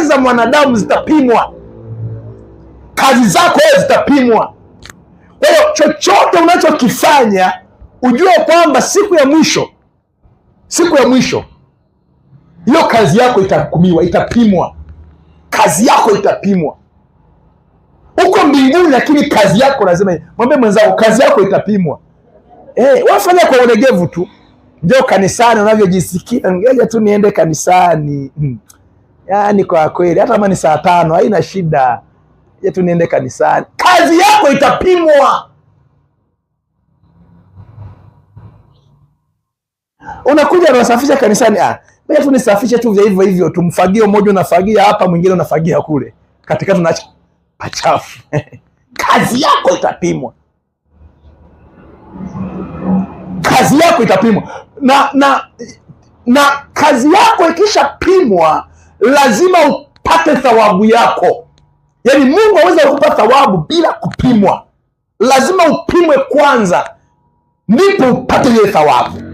kazi za mwanadamu zitapimwa, kazi zako zitapimwa. Kwa hiyo chochote unachokifanya ujue kwamba siku ya mwisho, siku ya mwisho hiyo kazi yako itahukumiwa, itapimwa. Kazi yako itapimwa huko mbinguni, lakini kazi yako lazima. Mwambie mwenzako kazi yako itapimwa. Eh, wafanya kwa ulegevu tu, njoo kanisani unavyojisikia, ngoja tu niende kanisani. Hmm. Yaani kwa kweli hata kama ni saa tano haina shida, yetu niende kanisani? Kazi yako itapimwa. Unakuja unasafisha kanisani, ah, tu nisafishe tu vya hivyo hivyo tu, mmoja unafagia hapa, mwingine unafagia kule, katikati unaacha pachafu. Kazi yako itapimwa, kazi yako itapimwa na na na kazi yako ikishapimwa lazima upate thawabu yako. Yaani Mungu aweza kukupa thawabu bila kupimwa, lazima upimwe kwanza ndipo upate ile thawabu.